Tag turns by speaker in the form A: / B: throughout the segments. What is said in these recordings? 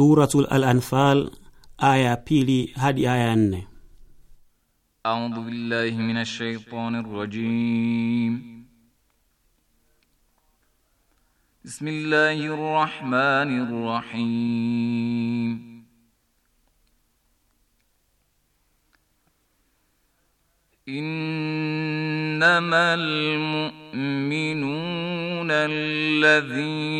A: Suratul Al-Anfal aya ya pili hadi aya ya nne.
B: A'udhu billahi minash shaitanir rajim. Bismillahir rahmanir rahim. Innamal mu'minuna الذين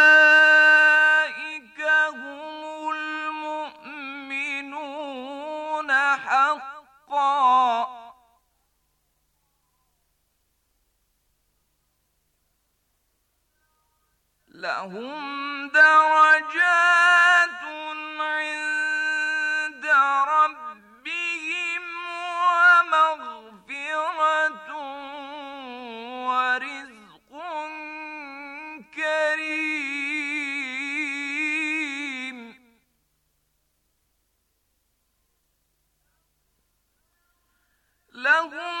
B: لهم درجات عند ربهم ومغفرة ورزق كريم لهم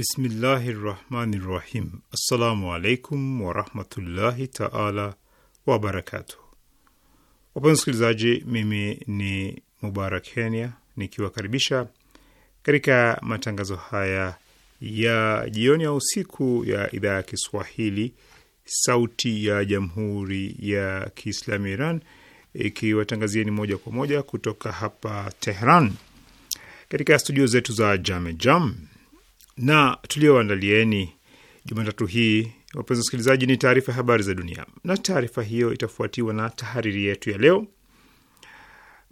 C: Bismillahi rahmani rahim. Assalamu alaikum warahmatullahi taala wabarakatuh. Wapenzi msikilizaji, mimi ni Mubarak Kenya nikiwakaribisha katika matangazo haya ya jioni au usiku ya idhaa ya Kiswahili Sauti ya Jamhuri ya Kiislamu ya Iran ni moja kwa moja kutoka hapa Tehran katika studio zetu za Jamejam Jam na tulioandalieni Jumatatu hii, wapenzi wasikilizaji, ni taarifa ya habari za dunia, na taarifa hiyo itafuatiwa na tahariri yetu ya leo.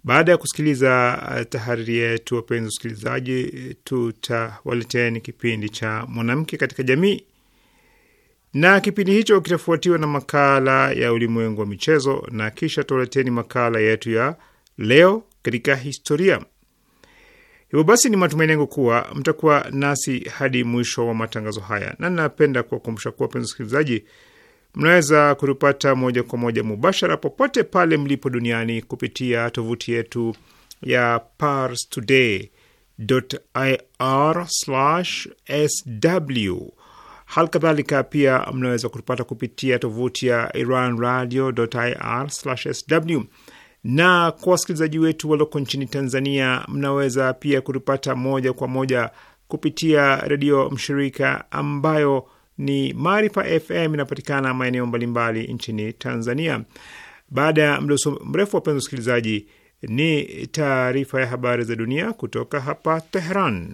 C: Baada ya kusikiliza uh, tahariri yetu, wapenzi wasikilizaji, tutawaleteni kipindi cha mwanamke katika jamii, na kipindi hicho kitafuatiwa na makala ya ulimwengu wa michezo, na kisha tutawaleteni makala yetu ya leo katika historia. Hivyo basi ni matumaini yangu kuwa mtakuwa nasi hadi mwisho wa matangazo haya, na ninapenda kuwakumbusha kuwa, penzi msikilizaji, mnaweza kutupata moja kwa moja mubashara popote pale mlipo duniani kupitia tovuti yetu ya parstoday.ir/sw. Hali kadhalika pia mnaweza kutupata kupitia tovuti ya iranradio.ir/sw na kwa wasikilizaji wetu walioko nchini Tanzania, mnaweza pia kutupata moja kwa moja kupitia redio mshirika ambayo ni Maarifa FM, inapatikana maeneo mbalimbali nchini Tanzania. Baada ya mdoso mrefu, wapenzi wasikilizaji, ni taarifa ya habari za dunia kutoka hapa Tehran.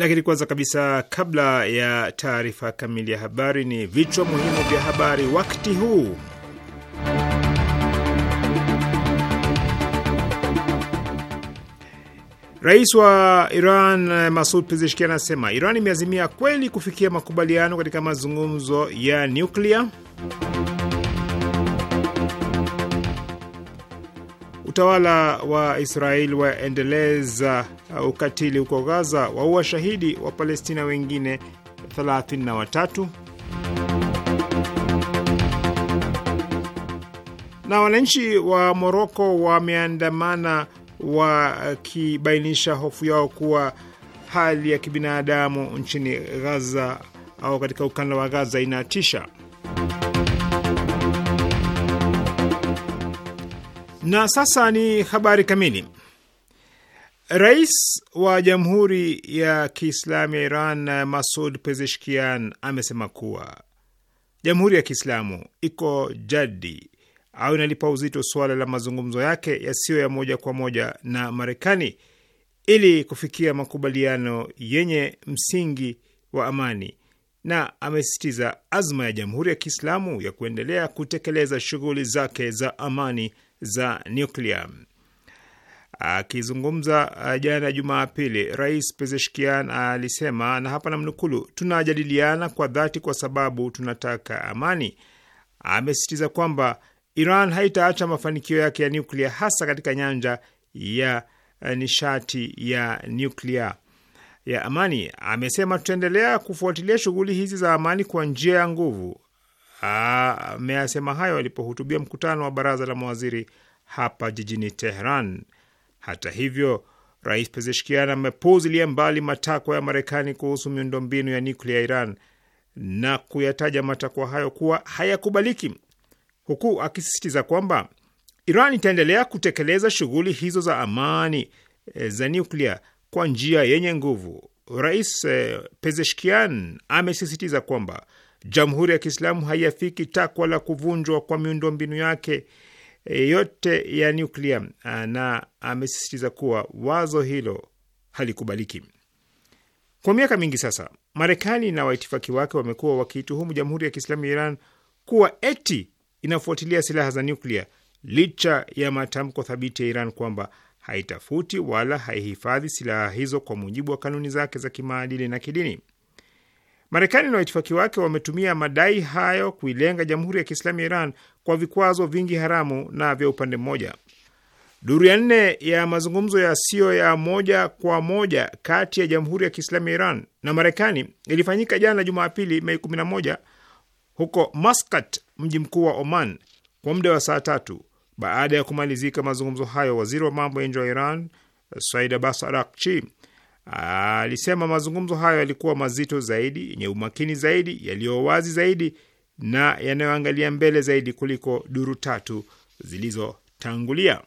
C: Lakini kwanza kabisa, kabla ya taarifa kamili ya habari, ni vichwa muhimu vya habari wakati huu. Rais wa Iran Masud Pezeshkian anasema Iran imeazimia kweli kufikia makubaliano katika mazungumzo ya nyuklia. utawala wa Israeli waendeleza uh, ukatili huko Gaza, waua shahidi wa Palestina wengine 33 na wananchi wa Moroko wameandamana wakibainisha uh, hofu yao kuwa hali ya kibinadamu nchini Gaza au katika ukanda wa Gaza inatisha. Na sasa ni habari kamili. Rais wa Jamhuri ya Kiislamu ya Iran Masud Pezeshkian amesema kuwa Jamhuri ya Kiislamu iko jadi au inalipa uzito suala la mazungumzo yake yasiyo ya moja kwa moja na Marekani ili kufikia makubaliano yenye msingi wa amani, na amesisitiza azma ya Jamhuri ya Kiislamu ya kuendelea kutekeleza shughuli zake za amani za nyuklia. Akizungumza uh, jana Jumapili, Rais Pezeshkian alisema, na hapa namnukulu, tunajadiliana kwa dhati kwa sababu tunataka amani. Amesisitiza kwamba Iran haitaacha mafanikio yake ya nyuklia, hasa katika nyanja ya uh, nishati ya nyuklia ya amani. Amesema tutaendelea kufuatilia shughuli hizi za amani kwa njia ya nguvu ameyasema hayo alipohutubia mkutano wa baraza la mawaziri hapa jijini Tehran. Hata hivyo, Rais Pezeshkian amepuzilia mbali matakwa ya Marekani kuhusu miundombinu ya nyuklia ya Iran na kuyataja matakwa hayo kuwa hayakubaliki, huku akisisitiza kwamba Iran itaendelea kutekeleza shughuli hizo za amani eh, za nyuklia kwa njia yenye nguvu. Rais eh, Pezeshkian amesisitiza kwamba Jamhuri ya Kiislamu haiafiki takwa la kuvunjwa kwa miundombinu yake e, yote ya nyuklia na amesisitiza kuwa wazo hilo halikubaliki. Kwa miaka mingi sasa, Marekani na waitifaki wake wamekuwa wakiituhumu Jamhuri ya Kiislamu ya Iran kuwa eti inafuatilia silaha za nyuklia licha ya matamko thabiti ya Iran kwamba haitafuti wala haihifadhi silaha hizo kwa mujibu wa kanuni zake za kimaadili na kidini. Marekani na waitifaki wake wametumia madai hayo kuilenga Jamhuri ya Kiislamu ya Iran kwa vikwazo vingi haramu na vya upande mmoja. Duru ya nne ya mazungumzo yasiyo ya moja kwa moja kati ya Jamhuri ya Kiislamu ya Iran na Marekani ilifanyika jana Jumapili, Mei 11 huko Maskat, mji mkuu wa Oman, kwa muda wa saa tatu. Baada ya kumalizika mazungumzo hayo, waziri wa mambo ya nje wa Iran Said Abbas Arakchi Alisema mazungumzo hayo yalikuwa mazito zaidi, yenye umakini zaidi, yaliyo wazi zaidi na yanayoangalia mbele zaidi kuliko duru tatu zilizotangulia.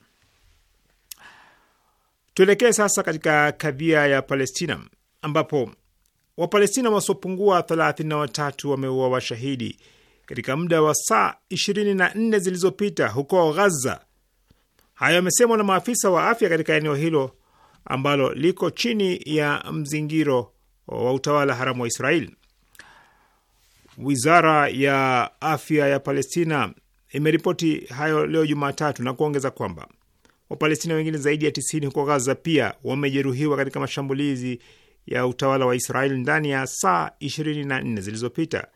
C: Tuelekee sasa katika kadhia ya Palestina ambapo Wapalestina wasiopungua watatu wameua washahidi katika muda wa saa 24 zilizopita huko Ghaza. Hayo yamesemwa na maafisa wa afya katika eneo hilo ambalo liko chini ya mzingiro wa utawala haramu wa Israel. Wizara ya afya ya Palestina imeripoti hayo leo Jumatatu na kuongeza kwamba Wapalestina wengine zaidi ya tisini huko Gaza pia wamejeruhiwa katika mashambulizi ya utawala wa Israel ndani ya saa 24 zilizopita.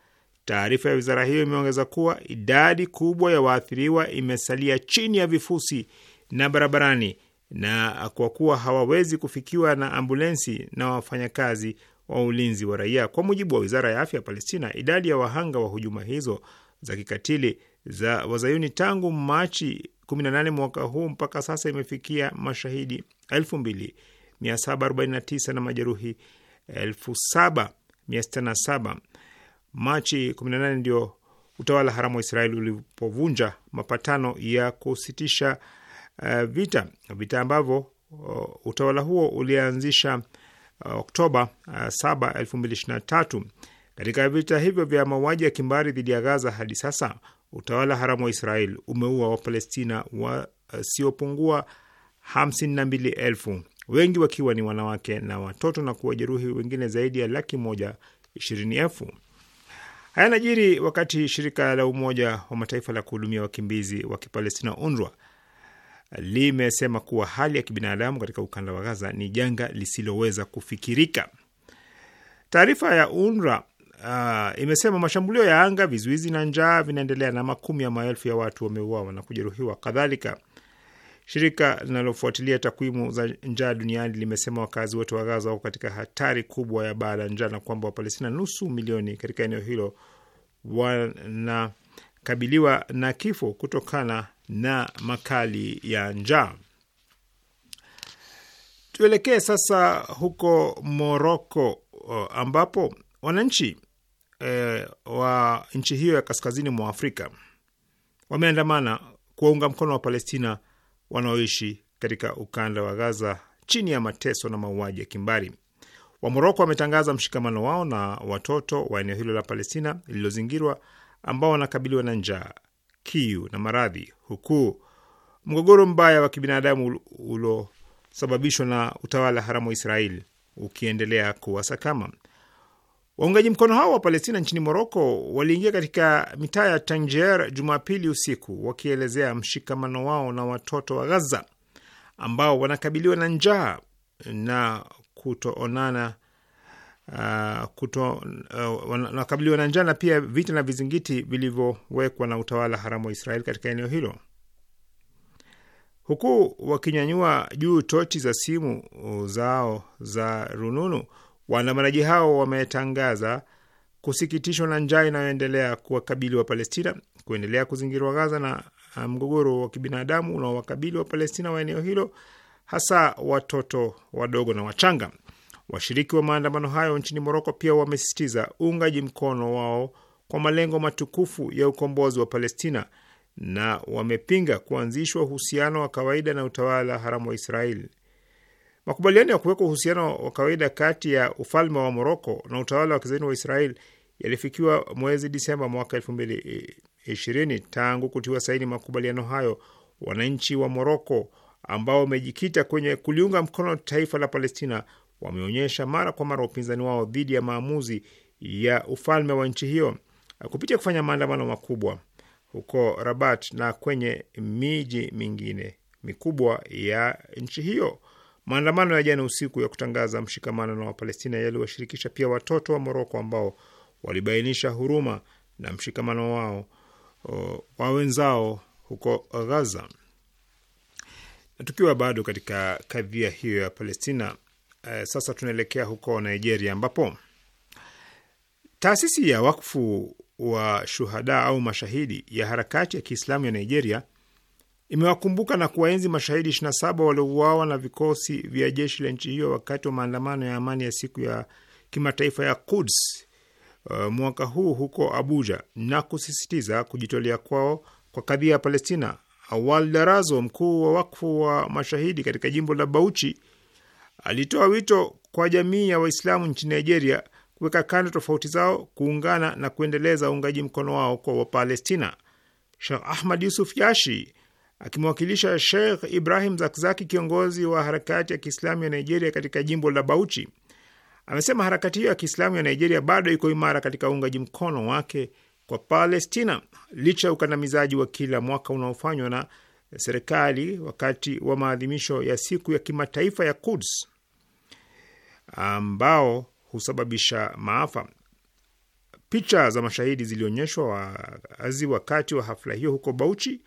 C: Taarifa ya wizara hiyo imeongeza kuwa idadi kubwa ya waathiriwa imesalia chini ya vifusi na barabarani na kwa kuwa hawawezi kufikiwa na ambulensi na wafanyakazi wa ulinzi wa raia. Kwa mujibu wa wizara ya afya ya Palestina, idadi ya wahanga wa hujuma hizo za kikatili za wazayuni tangu Machi 18 mwaka huu mpaka sasa imefikia mashahidi 2749 na majeruhi 767 Machi 18 ndio utawala haramu wa Israeli ulipovunja mapatano ya kusitisha Eh, vita vita ambavyo uh, utawala huo ulianzisha uh, Oktoba uh, 7, 2023. Katika vita hivyo vya mauaji ya kimbari dhidi ya Gaza hadi sasa utawala haramu wa Israel umeua Wapalestina wasiopungua uh, 52,000 wengi wakiwa ni wanawake na watoto na kuwajeruhi wengine zaidi ya laki moja ishirini elfu. Haya najiri wakati shirika la Umoja wa Mataifa la kuhudumia wakimbizi wa Kipalestina UNRWA limesema kuwa hali ya kibinadamu katika ukanda wa Gaza ni janga lisiloweza kufikirika. Taarifa ya UNRWA uh, imesema mashambulio ya anga, vizuizi na njaa vinaendelea na makumi ya maelfu ya watu wameuawa na kujeruhiwa. Kadhalika, shirika linalofuatilia takwimu za njaa duniani limesema wakazi wote wa Gaza wako katika hatari kubwa ya baa la njaa na kwamba Wapalestina nusu milioni katika eneo hilo wanakabiliwa na kifo kutokana na makali ya njaa. Tuelekee sasa huko Moroko uh, ambapo wananchi e, wa nchi hiyo ya kaskazini mwa Afrika wameandamana kuwaunga mkono wa Palestina wanaoishi katika ukanda wa Gaza chini ya mateso na mauaji ya kimbari. Wamoroko wametangaza mshikamano wao na watoto wa eneo hilo la Palestina lililozingirwa ambao wanakabiliwa na njaa kiu na maradhi, huku mgogoro mbaya wa kibinadamu uliosababishwa na utawala haramu wa israel ukiendelea kuwasakama. Waungaji mkono hao wa Palestina nchini Moroko waliingia katika mitaa ya Tanger Jumapili usiku wakielezea mshikamano wao na watoto wa Gaza ambao wanakabiliwa na njaa na kutoonana uh, kuto uh, wanakabiliwa na njaa na pia vita na vizingiti vilivyowekwa na utawala haramu wa Israeli katika eneo hilo, huku wakinyanyua juu tochi za simu zao za rununu. Waandamanaji hao wametangaza kusikitishwa na njaa inayoendelea kuwakabili wa Palestina, kuendelea kuzingirwa Gaza na uh, mgogoro wa kibinadamu unaowakabili wa Palestina wa eneo hilo, hasa watoto wadogo na wachanga. Washiriki wa maandamano hayo nchini Moroko pia wamesisitiza uungaji mkono wao kwa malengo matukufu ya ukombozi wa Palestina na wamepinga kuanzishwa uhusiano wa kawaida na utawala haramu wa Israeli. Makubaliano ya kuwekwa uhusiano wa kawaida kati ya ufalme wa Moroko na utawala wa kizaini wa Israeli yalifikiwa mwezi Disemba mwaka elfu mbili ishirini. Tangu kutiwa saini makubaliano hayo, wananchi wa Moroko ambao wamejikita kwenye kuliunga mkono taifa la Palestina wameonyesha mara kwa mara upinzani wao dhidi ya maamuzi ya ufalme wa nchi hiyo uh, kupitia kufanya maandamano makubwa huko Rabat na kwenye miji mingine mikubwa ya nchi hiyo. Maandamano ya jana usiku ya kutangaza mshikamano na Wapalestina yaliwashirikisha pia watoto wa Moroko ambao walibainisha huruma na mshikamano wao uh, wa wenzao huko Gaza. Tukiwa bado katika kadhia hiyo ya Palestina, eh, sasa tunaelekea huko Nigeria ambapo taasisi ya wakfu wa shuhada au mashahidi ya harakati ya Kiislamu ya Nigeria imewakumbuka na kuwaenzi mashahidi 27 waliouawa na vikosi vya jeshi la nchi hiyo wakati wa maandamano ya amani ya siku ya kimataifa ya Quds uh, mwaka huu huko Abuja na kusisitiza kujitolea kwao kwa kadhia ya Palestina. Awal Darazo, mkuu wa wakfu wa mashahidi katika jimbo la Bauchi, Alitoa wito kwa jamii ya Waislamu nchini Nigeria kuweka kando tofauti zao, kuungana na kuendeleza uungaji mkono wao kwa Wapalestina. Shekh Ahmad Yusuf Yashi akimwakilisha Sheikh Ibrahim Zakzaki, kiongozi wa harakati ya Kiislamu ya Nigeria katika jimbo la Bauchi, amesema harakati hiyo ya Kiislamu ya Nigeria bado iko imara katika uungaji mkono wake kwa Palestina licha ya ukandamizaji wa kila mwaka unaofanywa na serikali wakati wa maadhimisho ya siku ya kimataifa ya Quds ambao husababisha maafa. Picha za mashahidi zilionyeshwa wazi wakati wa hafla hiyo huko Bauchi.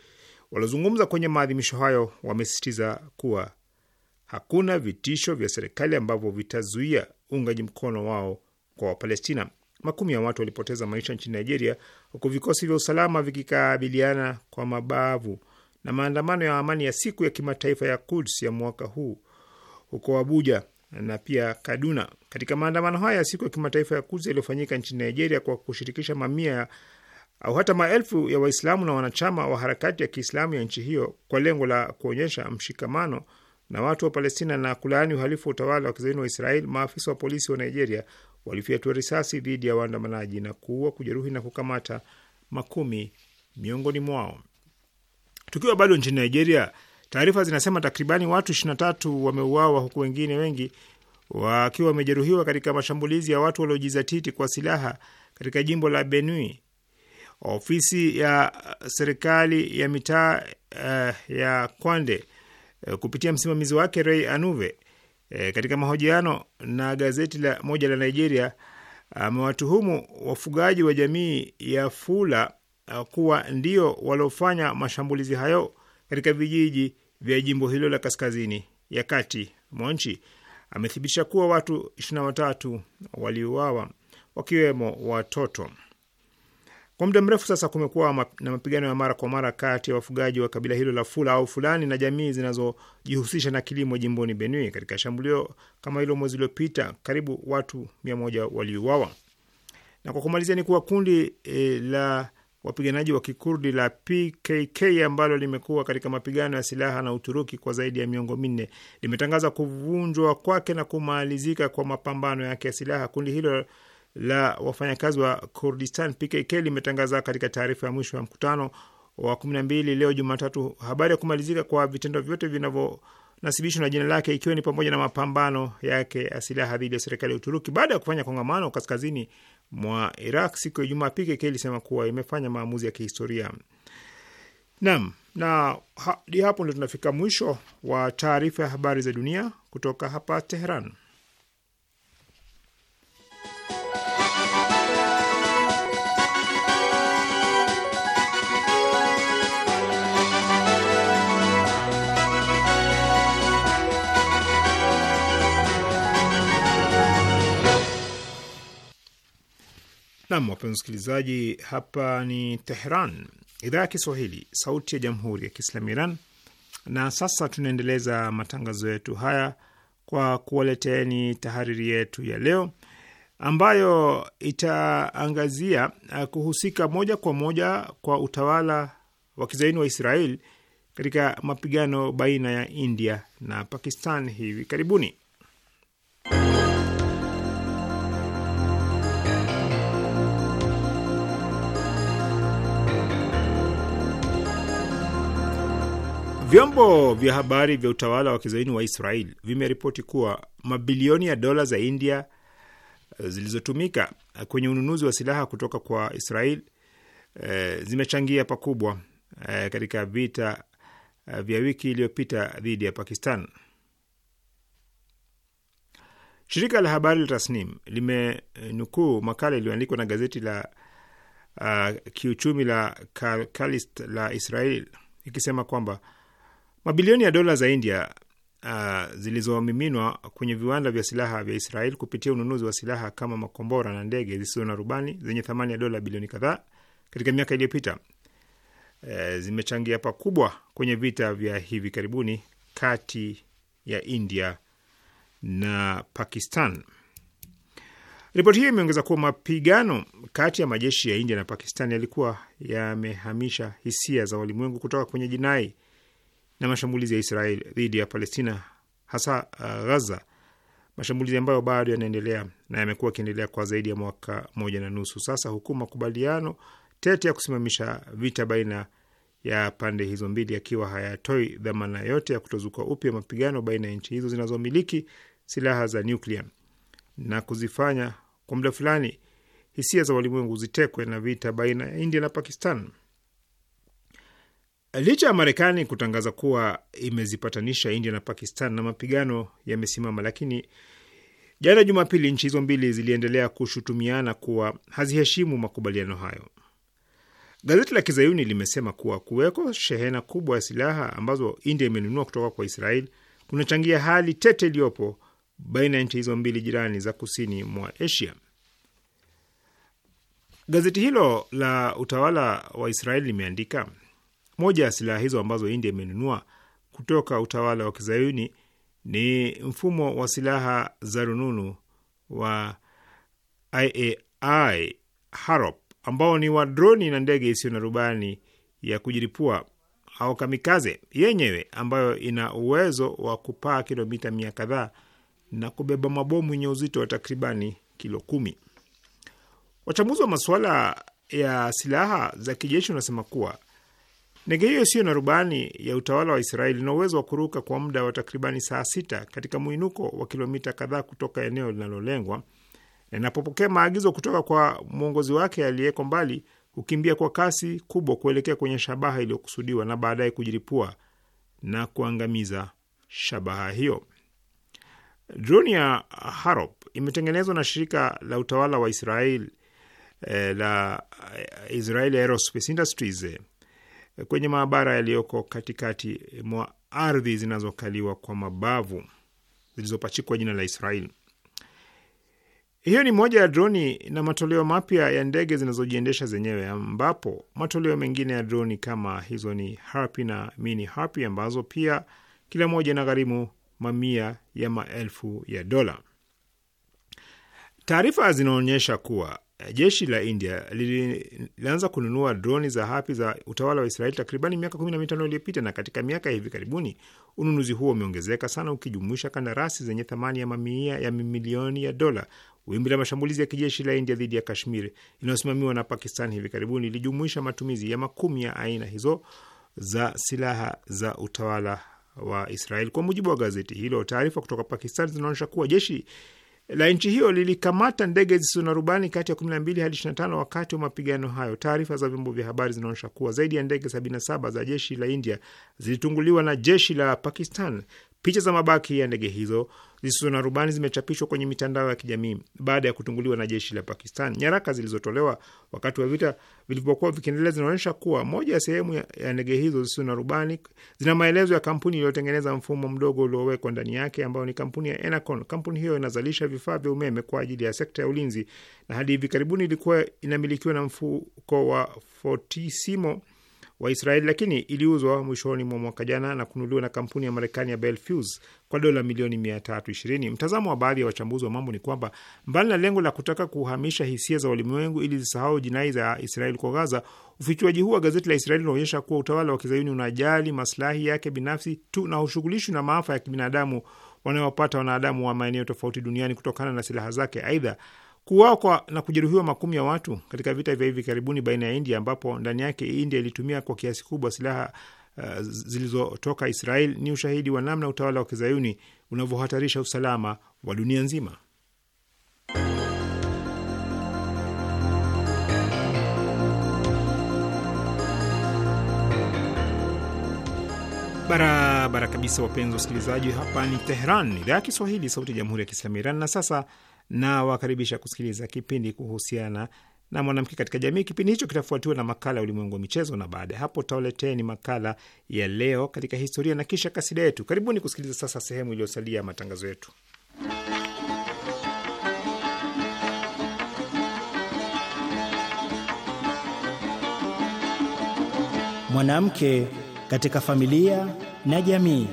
C: Waliozungumza kwenye maadhimisho hayo wamesisitiza kuwa hakuna vitisho vya serikali ambavyo vitazuia uungaji mkono wao kwa Wapalestina. Makumi ya watu walipoteza maisha nchini Nigeria, huku vikosi vya usalama vikikabiliana kwa mabavu na maandamano ya amani ya siku ya kimataifa ya Kuds ya mwaka huu huko Abuja na pia Kaduna. Katika maandamano haya ya siku ya kimataifa ya kuzi yaliyofanyika nchini Nigeria kwa kushirikisha mamia au hata maelfu ya Waislamu na wanachama wa harakati ya Kiislamu ya nchi hiyo kwa lengo la kuonyesha mshikamano na watu wa Palestina na kulaani uhalifu wa utawala wa kizaini wa Israeli, maafisa wa polisi wa Nigeria walifyatua risasi dhidi ya waandamanaji na kuua, kujeruhi na kukamata makumi miongoni mwao. Tukiwa bado nchini Nigeria, Taarifa zinasema takribani watu 23 wameuawa huku wengine wengi wakiwa wamejeruhiwa katika mashambulizi ya watu waliojizatiti kwa silaha katika jimbo la Benue. Ofisi ya serikali ya mitaa uh, ya Kwande uh, kupitia msimamizi wake rei Anuve uh, katika mahojiano na gazeti la moja la Nigeria amewatuhumu uh, wafugaji wa jamii ya Fula uh, kuwa ndio waliofanya mashambulizi hayo katika vijiji vya jimbo hilo la kaskazini ya kati mwa nchi. Amethibitisha kuwa watu 23 waliuawa wakiwemo watoto. Kwa muda mrefu sasa kumekuwa na mapigano ya mara kwa mara kati ya wafugaji wa kabila hilo la Fula au Fulani na jamii zinazojihusisha na kilimo jimboni Benue. Katika shambulio kama hilo mwezi uliopita, karibu watu mia moja waliuawa. Na kwa kumalizia ni kuwa kundi e, la wapiganaji wa kikurdi la PKK ambalo limekuwa katika mapigano ya silaha na Uturuki kwa zaidi ya miongo minne limetangaza kuvunjwa kwake na kumalizika kwa mapambano yake ya silaha. Kundi hilo la wafanyakazi wa Kurdistan PKK limetangaza katika taarifa ya mwisho ya mkutano wa 12 leo Jumatatu habari ya kumalizika kwa vitendo vyote vinavyonasibishwa na jina lake ikiwa ni pamoja na mapambano yake ya silaha dhidi ya serikali ya Uturuki baada ya kufanya kongamano kaskazini mwa Iraq siku ya Ijumaa PKK ilisema kuwa imefanya maamuzi ya kihistoria. Naam, na hadi hapo ndio tunafika mwisho wa taarifa ya habari za dunia kutoka hapa Teheran. Nam, wapenzi msikilizaji, hapa ni Tehran, idhaa ya Kiswahili, sauti ya jamhuri ya kiislamu Iran. Na sasa tunaendeleza matangazo yetu haya kwa kuwaleteeni tahariri yetu ya leo ambayo itaangazia uh, kuhusika moja kwa moja kwa utawala wa kizaini wa israel katika mapigano baina ya India na Pakistan hivi karibuni. Vyombo vya habari vya utawala wa kizaini wa Israel vimeripoti kuwa mabilioni ya dola za India eh, zilizotumika kwenye ununuzi wa silaha kutoka kwa Israel e, zimechangia pakubwa e, katika vita e, vya wiki iliyopita dhidi ya Pakistan. Shirika la habari la Tasnim limenukuu makala iliyoandikwa na gazeti la uh, kiuchumi la Kalkalist la Israel ikisema kwamba Mabilioni ya dola za India uh, zilizomiminwa kwenye viwanda vya silaha vya Israel kupitia ununuzi wa silaha kama makombora na ndege zisizo na rubani zenye thamani ya dola bilioni kadhaa katika miaka iliyopita uh, zimechangia pakubwa kwenye vita vya hivi karibuni kati ya India na Pakistan. Ripoti hiyo imeongeza kuwa mapigano kati ya majeshi ya India na Pakistan yalikuwa yamehamisha hisia za walimwengu kutoka kwenye jinai na mashambulizi ya Israel dhidi ya Palestina, hasa uh, Gaza, mashambulizi ambayo bado yanaendelea na yamekuwa yakiendelea kwa zaidi ya mwaka moja na nusu sasa, huku makubaliano tete ya kusimamisha vita baina ya pande hizo mbili yakiwa hayatoi dhamana yote ya kutozuka upya mapigano baina ya nchi hizo zinazomiliki silaha za nyuklia na kuzifanya kwa muda fulani hisia za walimwengu zitekwe na vita baina ya India na Pakistan. Licha ya Marekani kutangaza kuwa imezipatanisha India na Pakistan na mapigano yamesimama, lakini jana Jumapili nchi hizo mbili ziliendelea kushutumiana kuwa haziheshimu makubaliano hayo. Gazeti la kizayuni limesema kuwa kuweko shehena kubwa ya silaha ambazo India imenunua kutoka kwa Israel kunachangia hali tete iliyopo baina ya nchi hizo mbili jirani za kusini mwa Asia. Gazeti hilo la utawala wa Israel limeandika moja ya silaha hizo ambazo India imenunua kutoka utawala wa kizayuni ni mfumo wa silaha za rununu wa IAI Harop ambao ni wa droni na ndege isiyo na rubani ya kujiripua au kamikaze yenyewe ambayo ina uwezo wa kupaa kilomita mia kadhaa na kubeba mabomu yenye uzito wa takribani kilo kumi. Wachambuzi wa masuala ya silaha za kijeshi wanasema kuwa Ndege hiyo isiyo na rubani ya utawala wa Israeli ina uwezo wa kuruka kwa muda wa takribani saa sita katika mwinuko wa kilomita kadhaa kutoka eneo linalolengwa, na inapopokea maagizo kutoka kwa mwongozi wake aliyeko mbali, hukimbia kwa kasi kubwa kuelekea kwenye shabaha iliyokusudiwa na baadaye kujiripua na kuangamiza shabaha hiyo. Droni ya Harop imetengenezwa na shirika la utawala wa Israel eh, la eh, Israel Aerospace Industries eh, kwenye maabara yaliyoko katikati mwa ardhi zinazokaliwa kwa mabavu zilizopachikwa jina la israel Hiyo ni moja ya droni na matoleo mapya ya ndege zinazojiendesha zenyewe, ambapo matoleo mengine ya droni kama hizo ni Harpy na Mini Harpy ambazo pia kila moja gharimu mamia ya maelfu ya dola. Taarifa zinaonyesha kuwa jeshi la India lilianza kununua droni za hapi za utawala wa Israeli takribani miaka kumi na mitano iliyopita, na katika miaka ya hivi karibuni ununuzi huo umeongezeka sana, ukijumuisha kandarasi zenye thamani ya mamia ya mamilioni ya dola. Wimbi la mashambulizi ya kijeshi la India dhidi ya Kashmir inayosimamiwa na Pakistan hivi karibuni ilijumuisha matumizi ya makumi ya aina hizo za silaha za utawala wa Israeli. Kwa mujibu wa gazeti hilo, taarifa kutoka Pakistan zinaonyesha kuwa jeshi la nchi hiyo lilikamata ndege zisizo na rubani kati ya 12 hadi 25 wakati wa mapigano hayo. Taarifa za vyombo vya habari zinaonyesha kuwa zaidi ya ndege 77 za jeshi la India zilitunguliwa na jeshi la Pakistan. Picha za mabaki ya ndege hizo zisizo na rubani zimechapishwa kwenye mitandao ya kijamii baada ya kutunguliwa na jeshi la Pakistan. Nyaraka zilizotolewa wakati wa vita vilivyokuwa vikiendelea zinaonyesha kuwa moja ya sehemu ya ndege hizo zisizo na rubani zina maelezo ya kampuni iliyotengeneza mfumo mdogo uliowekwa ndani yake, ambayo ni kampuni ya Enercon. Kampuni hiyo inazalisha vifaa vya umeme kwa ajili ya sekta ya ulinzi na hadi hivi karibuni ilikuwa inamilikiwa na mfuko wa Fortissimo wa Israeli, lakini iliuzwa mwishoni mwa mwaka jana na kununuliwa na kampuni ya Marekani ya Bel Fuse kwa dola milioni 320. Mtazamo wa baadhi ya wachambuzi wa mambo ni kwamba mbali na lengo la kutaka kuhamisha hisia za walimwengu ili zisahau jinai za Israeli kwa Gaza, ufichuaji huu wa gazeti la Israeli unaonyesha kuwa utawala wa kizayuni unajali maslahi yake binafsi tu na ushughulishwi na maafa ya kibinadamu wanayopata wanadamu wa maeneo tofauti duniani kutokana na silaha zake. Aidha, Kuuawa na kujeruhiwa makumi ya watu katika vita vya hivi karibuni baina ya India, ambapo ndani yake India ilitumia kwa kiasi kubwa silaha uh, zilizotoka Israel ni ushahidi wa namna utawala wa kizayuni unavyohatarisha usalama wa dunia nzima. Barabara kabisa, wapenzi wasikilizaji, hapa ni Tehran, idhaa ya Kiswahili, sauti ya jamhuri ya kiislamu Iran. Na sasa na wakaribisha kusikiliza kipindi kuhusiana na mwanamke katika jamii. Kipindi hicho kitafuatiwa na makala ya ulimwengu wa michezo, na baada ya hapo tutawaleteni makala ya leo katika historia na kisha kasida yetu. Karibuni kusikiliza sasa sehemu iliyosalia ya matangazo yetu.
D: Mwanamke katika familia na jamii.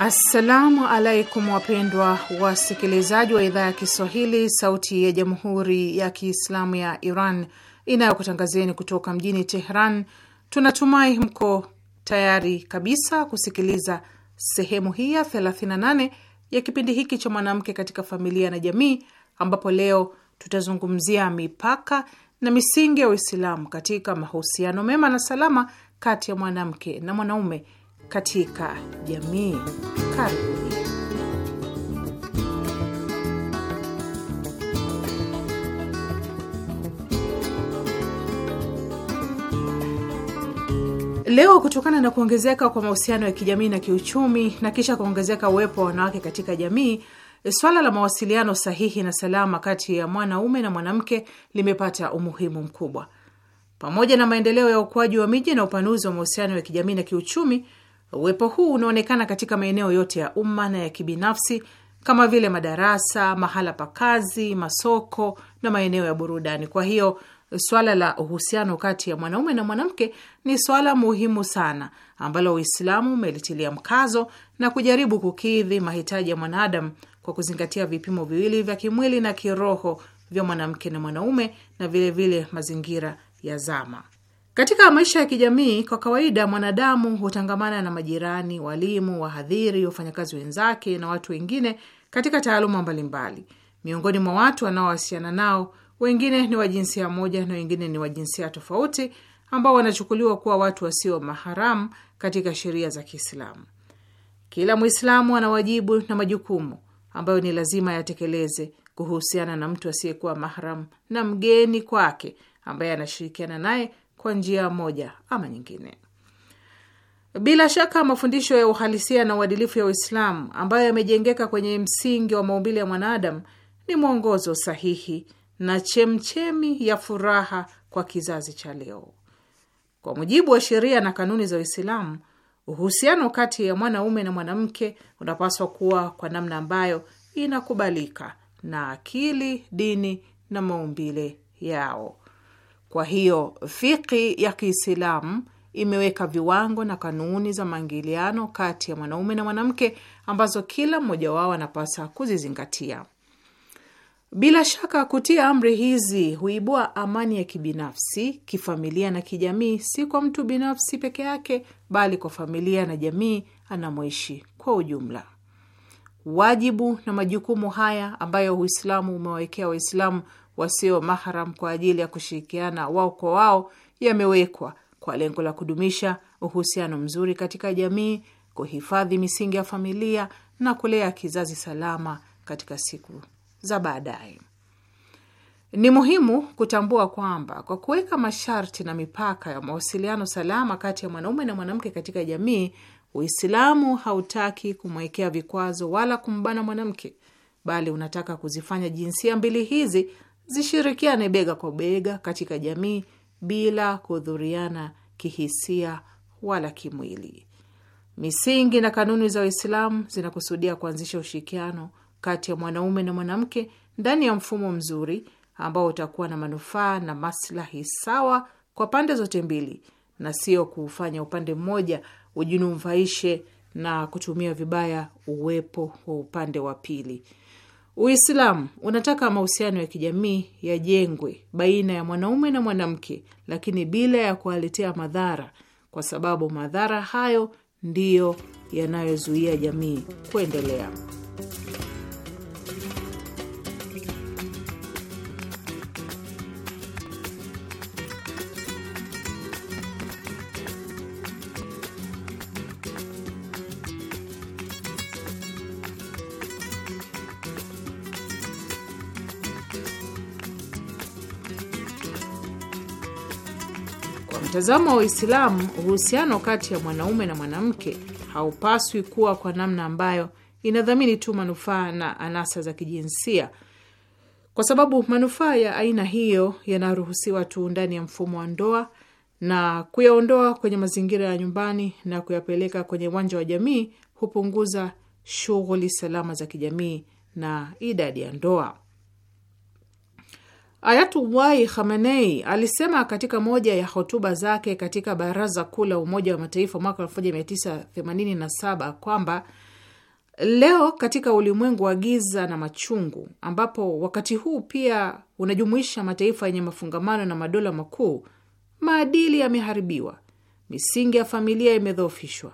D: Assalamu alaikum
E: wapendwa wasikilizaji wa idhaa ya Kiswahili sauti ya jamhuri ya Kiislamu ya Iran inayokutangazieni kutoka mjini Tehran. Tunatumai mko tayari kabisa kusikiliza sehemu hii ya 38 ya kipindi hiki cha mwanamke katika familia na jamii, ambapo leo tutazungumzia mipaka na misingi ya Uislamu katika mahusiano mema na salama kati ya mwanamke na mwanaume katika jamii. Karibuni. Leo kutokana na kuongezeka kwa mahusiano ya kijamii na kiuchumi na kisha kuongezeka uwepo wa wanawake katika jamii, swala la mawasiliano sahihi na salama kati ya mwanaume na mwanamke limepata umuhimu mkubwa. Pamoja na maendeleo ya ukuaji wa miji na upanuzi wa mahusiano ya kijamii na kiuchumi, Uwepo huu unaonekana katika maeneo yote ya umma na ya kibinafsi kama vile madarasa, mahala pa kazi, masoko na maeneo ya burudani. Kwa hiyo swala la uhusiano kati ya mwanaume na mwanamke ni swala muhimu sana ambalo Uislamu umelitilia mkazo na kujaribu kukidhi mahitaji ya mwanadamu kwa kuzingatia vipimo viwili vya kimwili na kiroho vya mwanamke na mwanaume na vilevile vile mazingira ya zama. Katika maisha ya kijamii kwa kawaida, mwanadamu hutangamana na majirani, walimu, wahadhiri, wafanyakazi wenzake na watu wengine katika taaluma mbalimbali. Miongoni mwa watu wanaowasiliana nao, wengine ni wa jinsia moja na wengine ni wa jinsia tofauti, ambao wanachukuliwa kuwa watu wasio maharamu katika sheria za Kiislamu. Kila Mwislamu ana wajibu na majukumu ambayo ni lazima yatekeleze kuhusiana na mtu asiyekuwa mahram na mgeni kwake ambaye anashirikiana naye kwa njia moja ama nyingine. Bila shaka mafundisho ya uhalisia na uadilifu ya Uislamu ambayo yamejengeka kwenye msingi wa maumbile ya mwanadamu ni mwongozo sahihi na chemchemi ya furaha kwa kizazi cha leo. Kwa mujibu wa sheria na kanuni za Uislamu, uhusiano kati ya mwanaume na mwanamke unapaswa kuwa kwa namna ambayo inakubalika na akili, dini na maumbile yao. Kwa hiyo fiki ya Kiislamu imeweka viwango na kanuni za maingiliano kati ya mwanaume na mwanamke ambazo kila mmoja wao anapasa kuzizingatia. Bila shaka kutia amri hizi huibua amani ya kibinafsi, kifamilia na kijamii, si kwa mtu binafsi peke yake, bali kwa familia na jamii anamoishi kwa ujumla. Wajibu na majukumu haya ambayo Uislamu umewawekea Waislamu wasio maharam kwa ajili ya kushirikiana wao kwa wao yamewekwa kwa lengo la kudumisha uhusiano mzuri katika jamii, kuhifadhi misingi ya familia na kulea kizazi salama katika siku za baadaye. Ni muhimu kutambua kwamba kwa kuweka masharti na mipaka ya mawasiliano salama kati ya mwanaume na mwanamke katika jamii, Uislamu hautaki kumwekea vikwazo wala kumbana mwanamke, bali unataka kuzifanya jinsia mbili hizi zishirikiane bega kwa bega katika jamii bila kudhuriana kihisia wala kimwili. Misingi na kanuni za Uislamu zinakusudia kuanzisha ushirikiano kati ya mwanaume na mwanamke ndani ya mfumo mzuri ambao utakuwa na manufaa na maslahi sawa kwa pande zote mbili, na sio kuufanya upande mmoja ujinufaishe na kutumia vibaya uwepo wa upande wa pili. Uislamu unataka mahusiano ya kijamii yajengwe baina ya mwanaume na mwanamke, lakini bila ya kuwaletea madhara, kwa sababu madhara hayo ndiyo yanayozuia jamii kuendelea. mtazamo wa Uislamu, uhusiano kati ya mwanaume na mwanamke haupaswi kuwa kwa namna ambayo inadhamini tu manufaa na anasa za kijinsia, kwa sababu manufaa ya aina hiyo yanaruhusiwa tu ndani ya mfumo wa ndoa na kuyaondoa kwenye mazingira ya nyumbani na kuyapeleka kwenye uwanja wa jamii hupunguza shughuli salama za kijamii na idadi ya ndoa. Ayatullah Khamenei alisema katika moja ya hotuba zake katika Baraza Kuu la Umoja wa Mataifa mwaka 1987 kwamba leo katika ulimwengu wa giza na machungu, ambapo wakati huu pia unajumuisha mataifa yenye mafungamano na madola makuu, maadili yameharibiwa, misingi ya familia imedhoofishwa,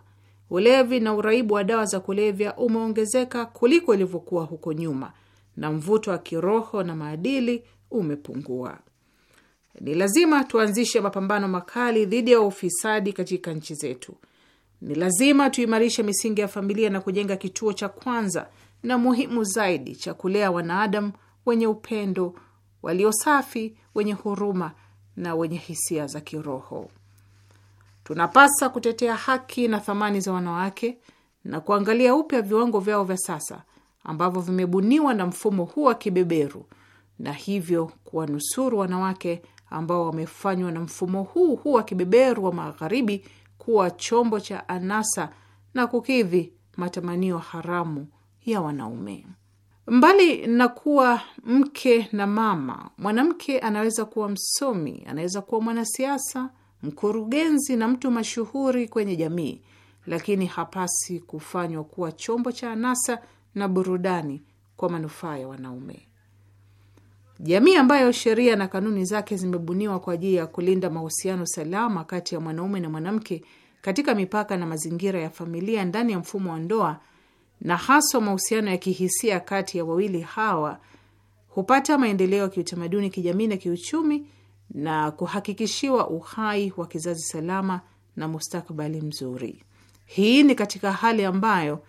E: ulevi na uraibu wa dawa za kulevya umeongezeka kuliko ilivyokuwa huko nyuma, na mvuto wa kiroho na maadili umepungua. Ni lazima tuanzishe mapambano makali dhidi ya ufisadi katika nchi zetu. Ni lazima tuimarishe misingi ya familia na kujenga kituo cha kwanza na muhimu zaidi cha kulea wanaadamu wenye upendo, walio safi, wenye huruma na wenye hisia za kiroho. Tunapasa kutetea haki na thamani za wanawake na kuangalia upya viwango vyao vya sasa ambavyo vimebuniwa na mfumo huu wa kibeberu na hivyo kuwanusuru wanawake ambao wamefanywa na mfumo huu huu wa kibeberu wa magharibi kuwa chombo cha anasa na kukidhi matamanio haramu ya wanaume. Mbali na kuwa mke na mama, mwanamke anaweza kuwa msomi, anaweza kuwa mwanasiasa, mkurugenzi na mtu mashuhuri kwenye jamii, lakini hapasi kufanywa kuwa chombo cha anasa na burudani kwa manufaa ya wanaume. Jamii ambayo sheria na kanuni zake zimebuniwa kwa ajili ya kulinda mahusiano salama kati ya mwanaume na mwanamke katika mipaka na mazingira ya familia ndani ya mfumo wa ndoa, na haswa mahusiano ya kihisia kati ya wawili hawa, hupata maendeleo ya kiutamaduni, kijamii na kiuchumi na kuhakikishiwa uhai wa kizazi salama na mustakabali mzuri. Hii ni katika hali ambayo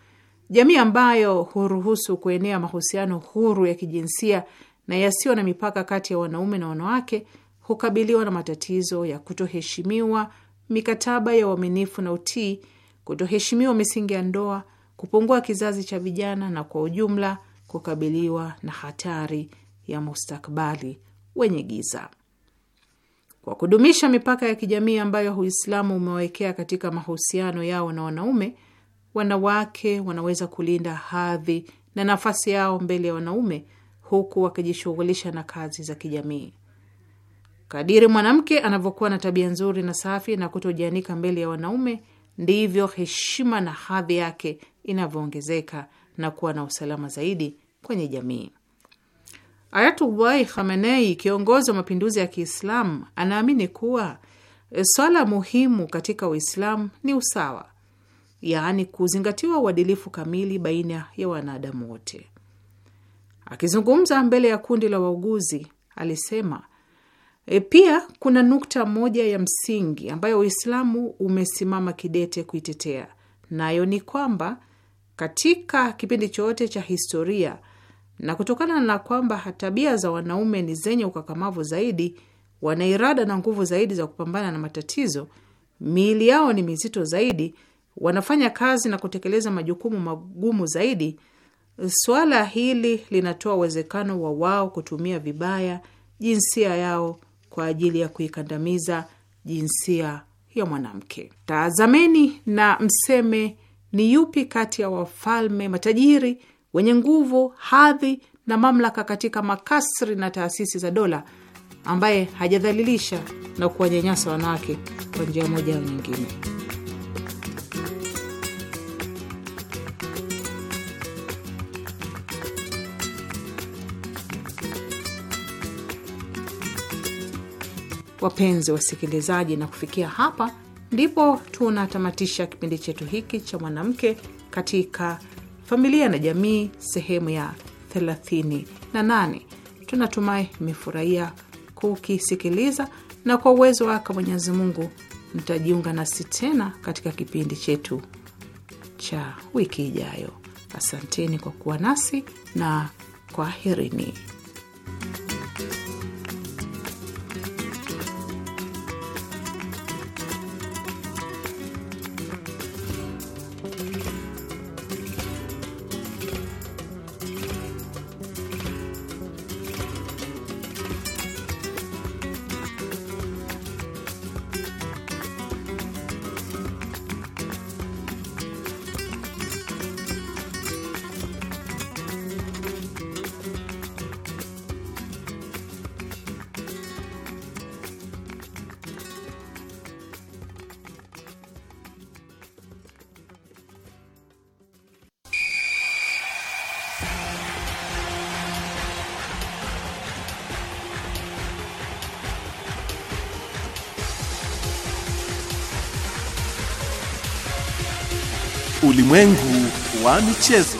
E: jamii ambayo huruhusu kuenea mahusiano huru ya kijinsia na yasiyo na mipaka kati ya wanaume na wanawake hukabiliwa na matatizo ya kutoheshimiwa mikataba ya uaminifu na utii, kutoheshimiwa misingi ya ndoa, kupungua kizazi cha vijana na kwa ujumla kukabiliwa na hatari ya mustakbali wenye giza. Kwa kudumisha mipaka ya kijamii ambayo Uislamu umewawekea katika mahusiano yao na wanaume, wanawake wanaweza kulinda hadhi na nafasi yao mbele ya wanaume huku wakijishughulisha na kazi za kijamii. Kadiri mwanamke anavyokuwa na tabia nzuri na safi na kutojianika mbele ya wanaume, ndivyo heshima na hadhi yake inavyoongezeka na kuwa na usalama zaidi kwenye jamii. Ayatullahi Khamenei, kiongozi wa mapinduzi ya Kiislamu, anaamini kuwa eh, swala muhimu katika Uislamu ni usawa, yaani kuzingatiwa uadilifu kamili baina ya wanadamu wote. Akizungumza mbele ya kundi la wauguzi alisema e, pia kuna nukta moja ya msingi ambayo Uislamu umesimama kidete kuitetea, nayo ni kwamba katika kipindi chote cha historia na kutokana na kwamba tabia za wanaume ni zenye ukakamavu zaidi, wana irada na nguvu zaidi za kupambana na matatizo, miili yao ni mizito zaidi, wanafanya kazi na kutekeleza majukumu magumu zaidi Swala hili linatoa uwezekano wa wao kutumia vibaya jinsia yao kwa ajili ya kuikandamiza jinsia ya mwanamke. Tazameni na mseme ni yupi kati ya wafalme matajiri wenye nguvu, hadhi na mamlaka katika makasri na taasisi za dola ambaye hajadhalilisha na kuwanyanyasa wanawake kwa njia moja au nyingine. Wapenzi wasikilizaji, na kufikia hapa ndipo tunatamatisha kipindi chetu hiki cha mwanamke katika familia na jamii sehemu ya 38. Tunatumai mmefurahia kukisikiliza na kwa uwezo wake Mwenyezi Mungu mtajiunga nasi tena katika kipindi chetu cha wiki ijayo. Asanteni kwa kuwa nasi na kwaherini.
F: ulimwengu wa michezo.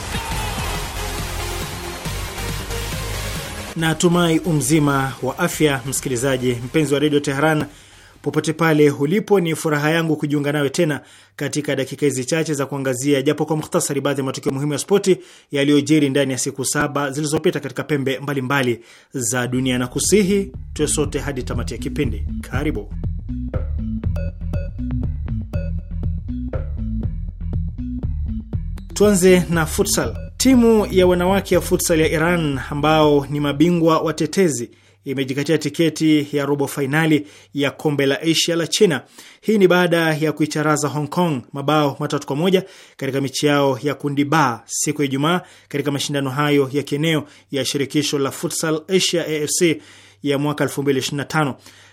D: Natumai umzima wa afya, msikilizaji mpenzi wa redio Teheran popote pale ulipo, ni furaha yangu kujiunga nawe tena katika dakika hizi chache za kuangazia japo kwa muhtasari baadhi ya matukio muhimu ya spoti yaliyojiri ndani ya siku saba zilizopita katika pembe mbalimbali mbali za dunia, na kusihi tuwe sote hadi tamati ya kipindi. Karibu. Tuanze na futsal. Timu ya wanawake ya futsal ya Iran ambao ni mabingwa watetezi imejikatia tiketi ya robo fainali ya kombe la Asia la China. Hii ni baada ya kuicharaza Hong Kong mabao matatu kwa moja katika michi yao ya kundi ba siku ya Ijumaa katika mashindano hayo ya kieneo ya shirikisho la futsal Asia AFC ya mwaka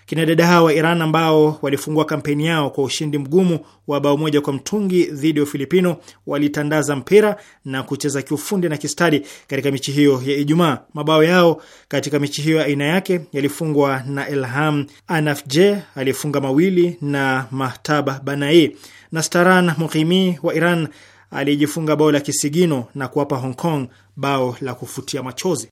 D: Kina dada hawa wa Iran ambao walifungua kampeni yao kwa ushindi mgumu wa bao moja kwa mtungi dhidi ya Ufilipino walitandaza mpira na kucheza kiufundi na kistadi katika michi hiyo ya Ijumaa. Mabao yao katika michi hiyo ya aina yake yalifungwa na Elham Anafje aliyefunga mawili na Mahtaba Banai na Staran Muqimi wa Iran aliyejifunga bao la kisigino na kuwapa Hong Kong bao la kufutia machozi.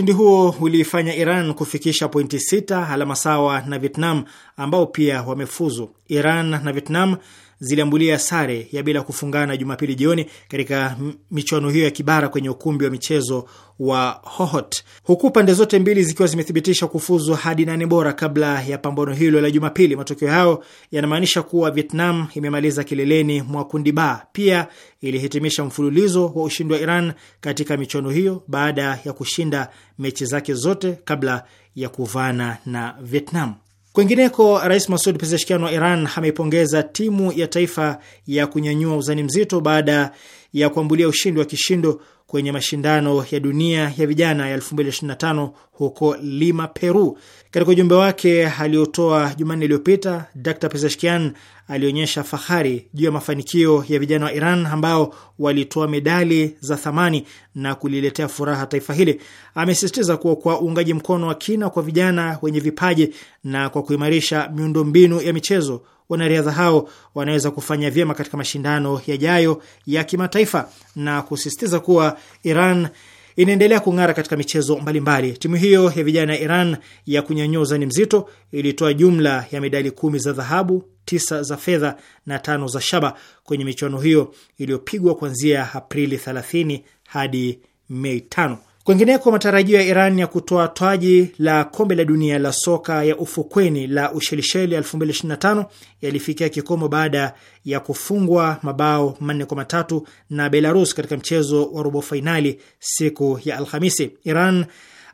D: Ushindi huo uliifanya Iran kufikisha pointi sita, alama sawa na Vietnam ambao pia wamefuzu. Iran na Vietnam ziliambulia sare ya bila kufungana Jumapili jioni katika michuano hiyo ya kibara kwenye ukumbi wa michezo wa Hohot, huku pande zote mbili zikiwa zimethibitisha kufuzu hadi nane bora kabla ya pambano hilo la Jumapili. Matokeo hayo yanamaanisha kuwa Vietnam imemaliza kileleni mwa kundi ba. Pia ilihitimisha mfululizo wa ushindi wa Iran katika michuano hiyo baada ya kushinda mechi zake zote kabla ya kuvana na Vietnam. Kwingineko, Rais Masud Pezeshkian wa Iran ameipongeza timu ya taifa ya kunyanyua uzani mzito baada ya kuambulia ushindi wa kishindo kwenye mashindano ya dunia ya vijana ya 2025 huko Lima, Peru. Katika ujumbe wake aliotoa Jumanne iliyopita, Dr Pezeshkian alionyesha fahari juu ya mafanikio ya vijana wa Iran ambao walitoa medali za thamani na kuliletea furaha taifa hili. Amesisitiza kuwa kwa uungaji mkono wa kina kwa vijana wenye vipaji na kwa kuimarisha miundombinu ya michezo wanariadha hao wanaweza kufanya vyema katika mashindano yajayo ya kimataifa na kusisitiza kuwa Iran inaendelea kung'ara katika michezo mbalimbali. Timu hiyo ya vijana ya Iran ya kunyanyua uzani mzito ilitoa jumla ya medali kumi za dhahabu, tisa za fedha na tano za shaba kwenye michuano hiyo iliyopigwa kuanzia Aprili 30 hadi Mei 5. Kwengineko, matarajio ya Iran ya kutoa taji la kombe la dunia la soka ya ufukweni la Ushelisheli 2025 yalifikia kikomo baada ya kufungwa mabao manne kwa matatu na Belarus katika mchezo wa robo fainali siku ya Alhamisi. Iran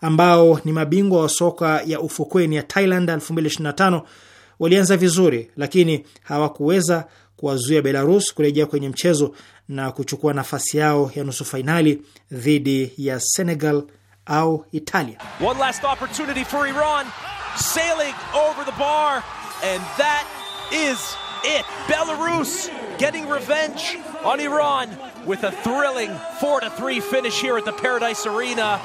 D: ambao ni mabingwa wa soka ya ufukweni ya Thailand 2025 walianza vizuri, lakini hawakuweza kuwazuia Belarus kurejea kwenye mchezo na kuchukua nafasi yao ya nusu fainali dhidi ya Senegal au Italia.
G: One last opportunity for Iran sailing over the bar and that is it. Belarus getting revenge on Iran with a thrilling 4-3 finish here at the Paradise Arena.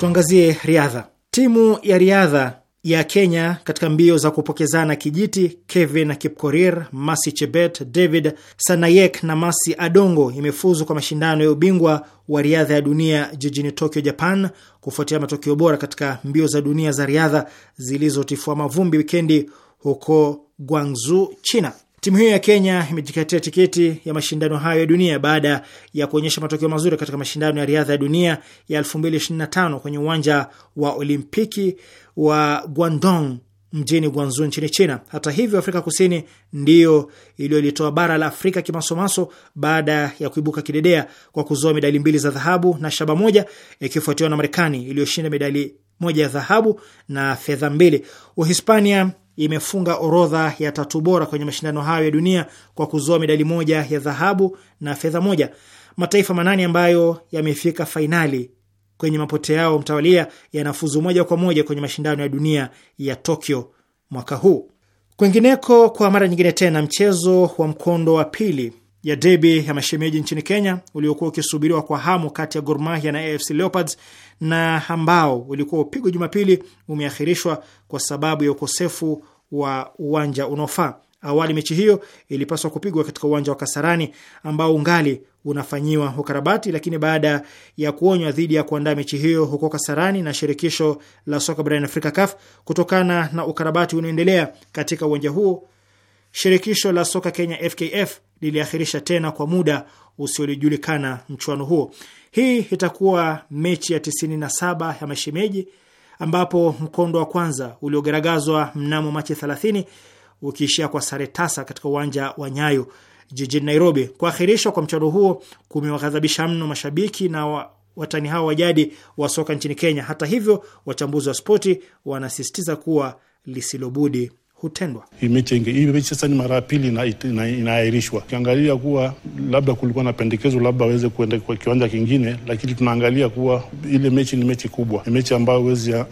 D: Tuangazie riadha. Timu ya riadha ya Kenya katika mbio za kupokezana kijiti, Kevin Kipkorir, Masi Chebet, David Sanayek na Masi Adongo imefuzu kwa mashindano ya ubingwa wa riadha ya dunia jijini Tokyo, Japan, kufuatia matokeo bora katika mbio za dunia za riadha zilizotifua mavumbi wikendi huko Guangzhou, China. Timu hiyo ya Kenya imejikatia tiketi ya mashindano hayo ya dunia baada ya kuonyesha matokeo mazuri katika mashindano ya riadha ya dunia ya 2025 kwenye uwanja wa Olimpiki wa Guangdong mjini Guangzhou nchini China. Hata hivyo, Afrika Kusini ndiyo iliyolitoa bara la Afrika kimasomaso baada ya kuibuka kidedea kwa kuzoa medali mbili za dhahabu na shaba moja, ikifuatiwa na Marekani iliyoshinda medali moja ya dhahabu na fedha mbili. Uhispania imefunga orodha ya tatu bora kwenye mashindano hayo ya dunia kwa kuzoa medali moja ya dhahabu na fedha moja. Mataifa manane ambayo yamefika fainali kwenye mapote yao mtawalia yanafuzu moja kwa moja kwenye mashindano ya dunia ya Tokyo mwaka huu. Kwingineko, kwa mara nyingine tena, mchezo wa mkondo wa pili ya debi ya mashemeji nchini Kenya uliokuwa ukisubiriwa kwa hamu kati ya Gor Mahia na AFC Leopards na ambao ulikuwa upigwa Jumapili umeahirishwa kwa sababu ya ukosefu wa uwanja unaofaa. Awali mechi hiyo ilipaswa kupigwa katika uwanja wa Kasarani ambao ungali unafanyiwa ukarabati, lakini baada ya kuonywa dhidi ya kuandaa mechi hiyo huko Kasarani na shirikisho la soka barani Afrika CAF kutokana na ukarabati unaoendelea katika uwanja huo, shirikisho la soka Kenya FKF liliahirisha tena kwa muda usiojulikana mchuano huo. Hii itakuwa mechi ya 97 ya mashemeji, ambapo mkondo wa kwanza uliogaragazwa mnamo Machi 30 ukiishia kwa sare tasa katika uwanja wa Nyayo jijini Nairobi. Kuahirishwa kwa mchuano huo kumewaghadhabisha mno mashabiki na watani hao wajadi wa soka nchini Kenya. Hata hivyo, wachambuzi wa spoti wanasisitiza kuwa lisilobudi hutendwa.
F: Imechenge mechi sasa ni mara ya pili inaahirishwa, ukiangalia kuwa labda kulikuwa na pendekezo labda aweze kuenda kwa kiwanja kingine, lakini tunaangalia kuwa ile mechi ni mechi kubwa, ni mechi ambayo wezi uh,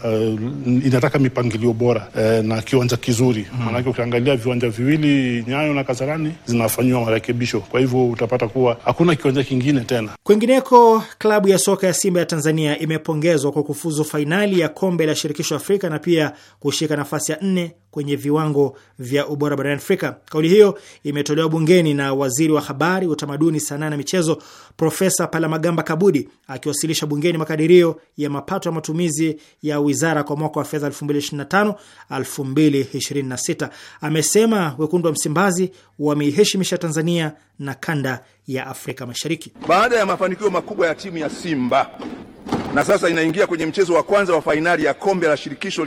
F: inataka mipangilio bora uh, na kiwanja kizuri hmm. Maanake ukiangalia viwanja viwili Nyayo na Kasarani zinafanyiwa marekebisho, kwa
D: hivyo utapata
F: kuwa hakuna kiwanja kingine tena.
D: Kwingineko, klabu ya soka ya Simba ya Tanzania imepongezwa kwa kufuzu fainali ya kombe la shirikisho Afrika na pia kushika nafasi ya nne kwenye viwango vya ubora barani Afrika. Kauli hiyo imetolewa bungeni na waziri wa habari, utamaduni, sanaa na michezo Profesa Palamagamba Kabudi akiwasilisha bungeni makadirio ya mapato ya matumizi ya wizara kwa mwaka wa fedha 2025 2026. Amesema wekundu wa Msimbazi wameiheshimisha Tanzania na kanda ya Afrika Mashariki.
F: Baada ya mafanikio makubwa ya timu ya Simba na sasa inaingia kwenye mchezo wa kwanza wa fainali ya kombe la shirikisho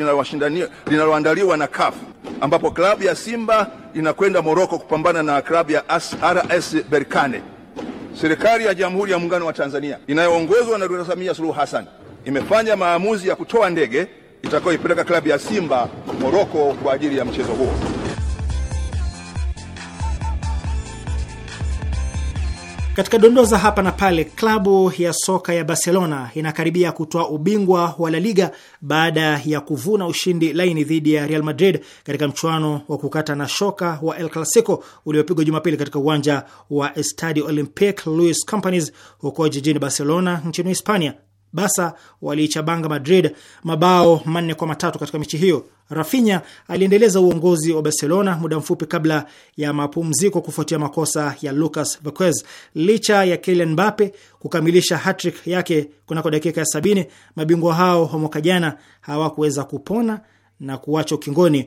F: linaloandaliwa na CAF ambapo klabu ya Simba inakwenda Moroko kupambana na klabu ya RS Berkane. Serikali ya Jamhuri ya Muungano wa Tanzania inayoongozwa na Dr. Samia Suluhu Hassan imefanya maamuzi ya kutoa ndege itakayoipeleka klabu ya Simba Moroko kwa ajili ya mchezo huo.
D: Katika dondoo za hapa na pale, klabu ya soka ya Barcelona inakaribia kutoa ubingwa wa La Liga baada ya kuvuna ushindi laini dhidi ya Real Madrid katika mchuano wa kukata na shoka wa El Clasico uliopigwa Jumapili katika uwanja wa Estadi Olympic Luis Companies huko jijini Barcelona nchini Hispania. Basa waliichabanga Madrid mabao manne kwa matatu katika mechi hiyo. Rafinha aliendeleza uongozi wa Barcelona muda mfupi kabla ya mapumziko kufuatia makosa ya Lucas Vazquez. Licha ya Kylian Mbappe kukamilisha hatrick yake kunako dakika ya sabini, mabingwa hao wa mwaka jana hawakuweza kupona na kuwacha ukingoni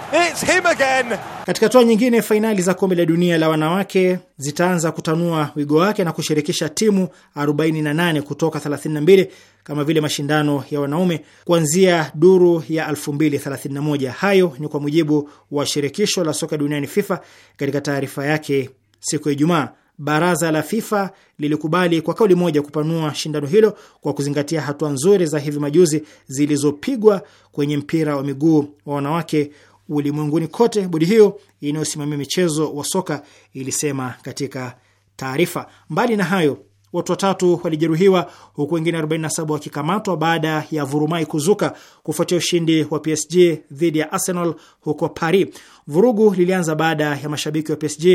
G: It's him again.
D: Katika hatua nyingine, fainali za kombe la dunia la wanawake zitaanza kutanua wigo wake na kushirikisha timu 48 kutoka 32 kama vile mashindano ya wanaume kuanzia duru ya 2031. Hayo ni kwa mujibu wa shirikisho la soka duniani FIFA katika taarifa yake siku ya Ijumaa. Baraza la FIFA lilikubali kwa kauli moja kupanua shindano hilo kwa kuzingatia hatua nzuri za hivi majuzi zilizopigwa kwenye mpira wa miguu wa wanawake ulimwenguni kote, bodi hiyo inayosimamia michezo wa soka ilisema katika taarifa. Mbali na hayo, watu watatu walijeruhiwa huku wengine 47 wakikamatwa baada ya vurumai kuzuka kufuatia ushindi wa PSG dhidi ya Arsenal huko Paris. Vurugu lilianza baada ya mashabiki wa PSG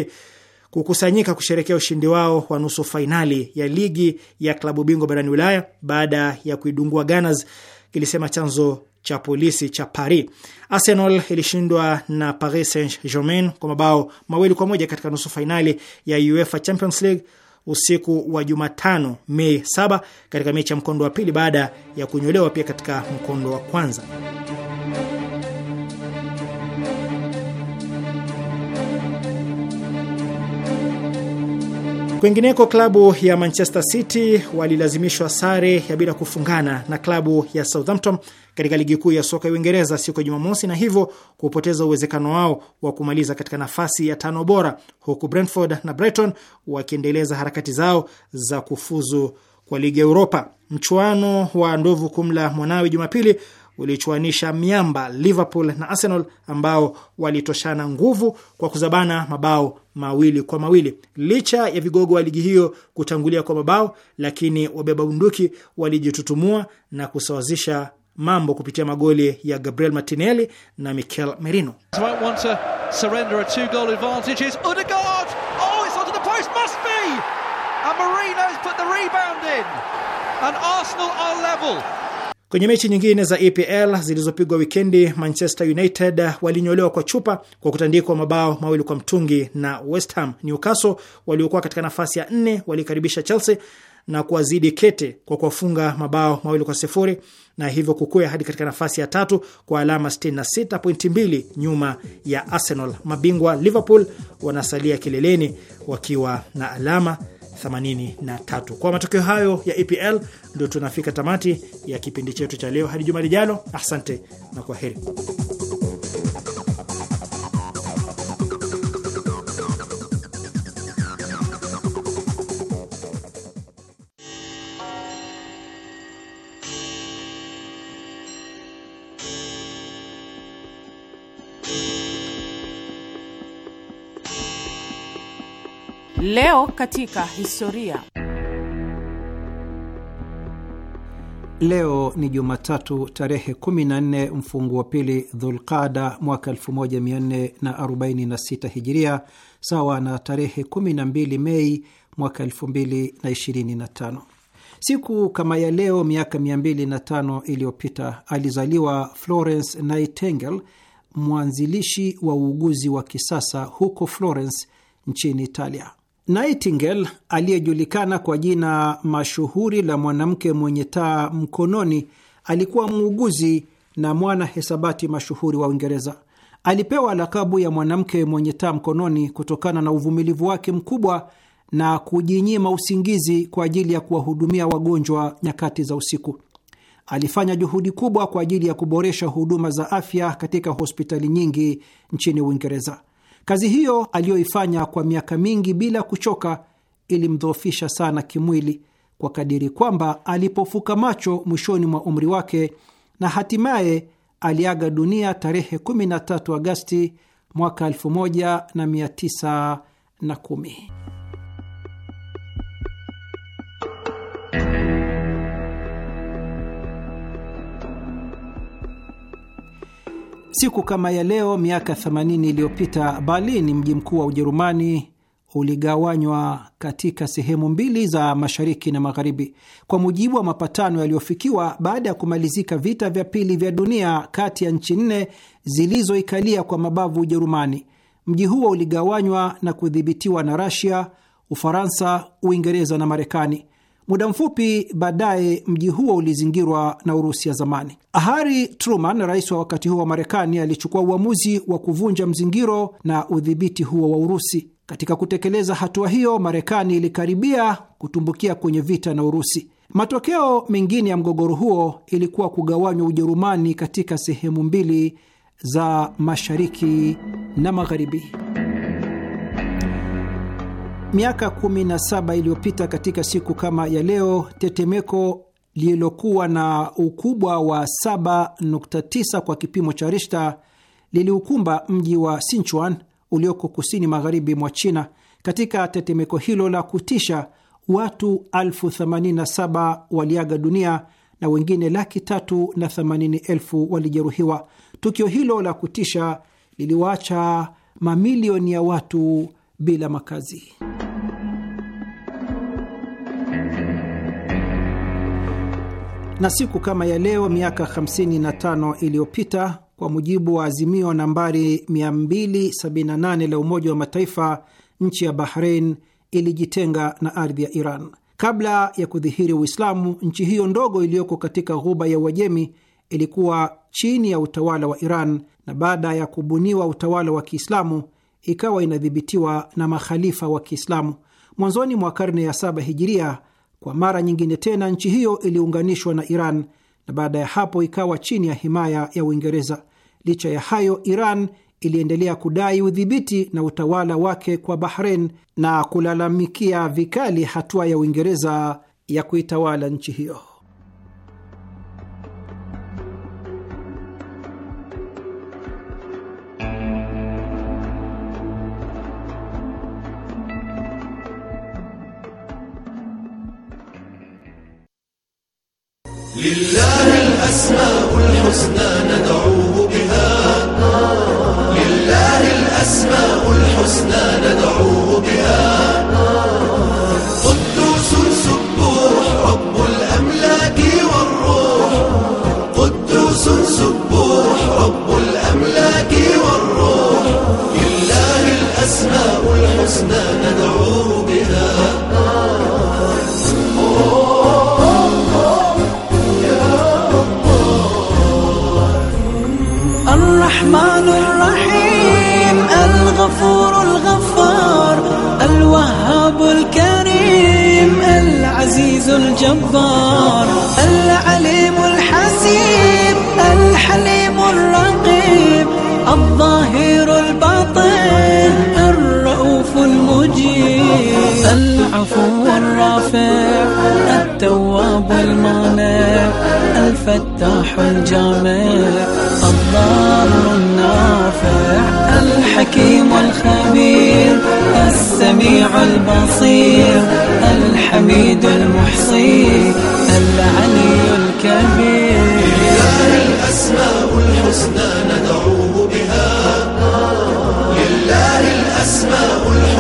D: kukusanyika kusherekea ushindi wao wa nusu fainali ya ligi ya klabu bingwa barani Ulaya baada ya kuidungua Gunners, kilisema chanzo cha polisi cha Paris. Arsenal ilishindwa na Paris Saint Germain kwa mabao mawili kwa moja katika nusu fainali ya UEFA Champions League usiku wa Jumatano, Mei 7 katika mechi ya mkondo wa pili baada ya kunyolewa pia katika mkondo wa kwanza. Kwingineko, klabu ya Manchester City walilazimishwa sare ya bila kufungana na klabu ya Southampton katika ligi kuu ya soka ya Uingereza siku ya Jumamosi na hivyo kupoteza uwezekano wao wa kumaliza katika nafasi ya tano bora, huku Brentford na Brighton wakiendeleza harakati zao za kufuzu kwa ligi ya Uropa. Mchuano wa ndovu kumla mwanawe Jumapili ulichuanisha miamba Liverpool na Arsenal ambao walitoshana nguvu kwa kuzabana mabao mawili kwa mawili. Licha ya vigogo wa ligi hiyo kutangulia kwa mabao, lakini wabeba bunduki walijitutumua na kusawazisha mambo kupitia magoli ya Gabriel Martinelli
G: na Mikel Merino. Oh,
D: Kwenye mechi nyingine za EPL zilizopigwa wikendi, Manchester United walinyolewa kwa chupa kwa kutandikwa mabao mawili kwa mtungi na West Ham. Newcastle waliokuwa katika nafasi ya nne walikaribisha Chelsea na kuwazidi kete kwa kuwafunga mabao mawili kwa sifuri na hivyo kukwea hadi katika nafasi ya tatu kwa alama 66 pointi mbili nyuma ya Arsenal. Mabingwa Liverpool wanasalia kileleni wakiwa na alama 83. Kwa matokeo hayo ya EPL ndio tunafika tamati ya kipindi chetu cha leo. Hadi juma lijalo, asante na kwa heri.
E: Leo katika historia.
H: Leo ni Jumatatu tarehe 14 mfungu wa pili Dhulqada mwaka 1446 Hijiria, sawa na tarehe 12 Mei mwaka 2025. Siku kama ya leo miaka 205 iliyopita alizaliwa Florence Nightingale, mwanzilishi wa uuguzi wa kisasa huko Florence nchini Italia. Nightingale aliyejulikana kwa jina mashuhuri la mwanamke mwenye taa mkononi alikuwa muuguzi na mwana hesabati mashuhuri wa Uingereza. Alipewa lakabu ya mwanamke mwenye taa mkononi kutokana na uvumilivu wake mkubwa na kujinyima usingizi kwa ajili ya kuwahudumia wagonjwa nyakati za usiku. Alifanya juhudi kubwa kwa ajili ya kuboresha huduma za afya katika hospitali nyingi nchini Uingereza. Kazi hiyo aliyoifanya kwa miaka mingi bila kuchoka ilimdhoofisha sana kimwili kwa kadiri kwamba alipofuka macho mwishoni mwa umri wake na hatimaye aliaga dunia tarehe 13 Agasti mwaka 1910. Siku kama ya leo miaka 80 iliyopita, Berlin, mji mkuu wa Ujerumani, uligawanywa katika sehemu mbili za mashariki na magharibi kwa mujibu wa mapatano yaliyofikiwa baada ya kumalizika vita vya pili vya dunia kati ya nchi nne zilizoikalia kwa mabavu Ujerumani. Mji huo uligawanywa na kudhibitiwa na Rasia, Ufaransa, Uingereza na Marekani. Muda mfupi baadaye mji huo ulizingirwa na Urusi ya zamani. Harry Truman, rais wa wakati huo wa Marekani, alichukua uamuzi wa kuvunja mzingiro na udhibiti huo wa Urusi. Katika kutekeleza hatua hiyo, Marekani ilikaribia kutumbukia kwenye vita na Urusi. Matokeo mengine ya mgogoro huo ilikuwa kugawanywa Ujerumani katika sehemu mbili za mashariki na magharibi. Miaka 17 iliyopita katika siku kama ya leo, tetemeko lililokuwa na ukubwa wa 7.9 kwa kipimo cha Rishta liliukumba mji wa Sichuan ulioko kusini magharibi mwa China. Katika tetemeko hilo la kutisha, watu 87 waliaga dunia na wengine laki tatu na themanini elfu walijeruhiwa. Tukio hilo la kutisha liliwaacha mamilioni ya watu bila makazi. na siku kama ya leo miaka 55 iliyopita kwa mujibu wa azimio nambari 278 la Umoja wa Mataifa, nchi ya Bahrein ilijitenga na ardhi ya Iran. Kabla ya kudhihiri Uislamu, nchi hiyo ndogo iliyoko katika ghuba ya Uajemi ilikuwa chini ya utawala wa Iran, na baada ya kubuniwa utawala wa Kiislamu ikawa inadhibitiwa na makhalifa wa Kiislamu. Mwanzoni mwa karne ya saba hijiria kwa mara nyingine tena nchi hiyo iliunganishwa na Iran na baada ya hapo ikawa chini ya himaya ya Uingereza. Licha ya hayo, Iran iliendelea kudai udhibiti na utawala wake kwa Bahrein na kulalamikia vikali hatua ya Uingereza ya kuitawala nchi hiyo.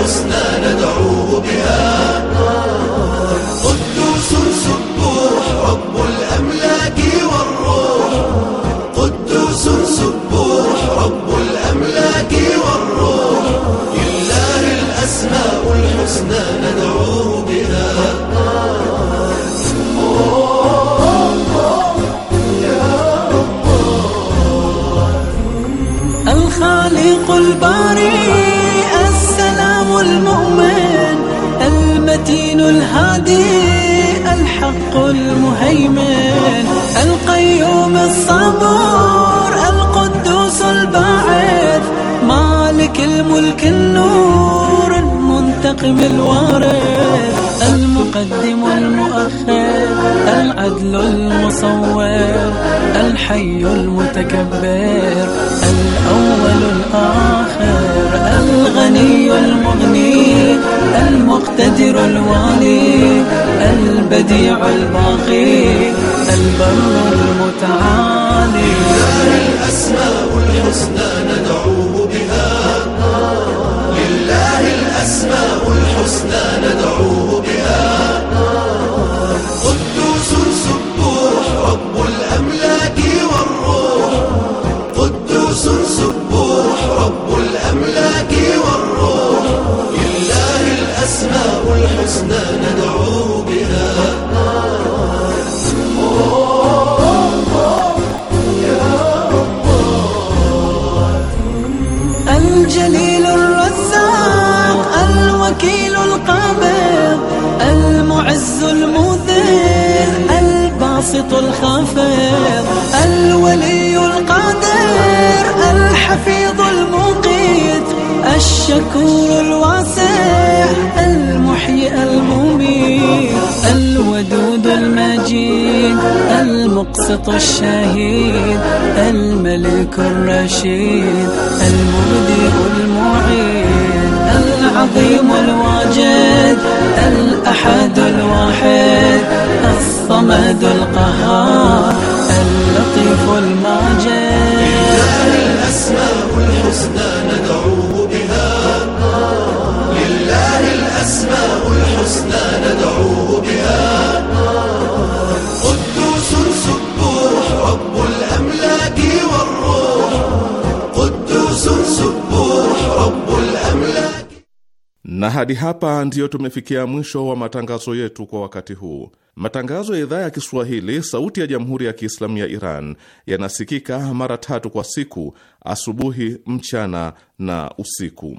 I: حسنى ندعو الدين الهادي الحق المهيمن القيوم الصبور القدوس الباعث مالك الملك النور المنتقم الوارث المقدم المؤخر العدل المصور الحي المتكبر الأول الآخر الغني المغني المقتدر الوالي البديع الباقي البر المتعالي لله الأسماء الحسنى ندعوه بها لله الأسماء
G: الحسنى ندعوه بها قدوس سبوح رب الأملاك والروح قدوس سبوح رب الأملاك الأسماء الحسنى ندعو بها
I: الجليل الرزاق الوكيل القابض المعز المذل الباسط الخافض الولي القادر الحفيظ المقيم الشكور الواسع المحيي المميت الودود المجيد المقسط الشهيد الملك الرشيد المبدئ المعيد العظيم الواجد الأحد الواحد الصمد القهار اللطيف الماجد الأسماء الحسنى
G: الحسنى ندعوه بها قدوس سبوح رب الأملاك والروح قدوس سبوح رب الأملاك.
F: Na hadi hapa ndiyo tumefikia mwisho wa matangazo yetu kwa wakati huu. Matangazo ya idhaa ya Kiswahili sauti ya Jamhuri ya Kiislamu ya Iran yanasikika mara tatu kwa siku: asubuhi, mchana na usiku.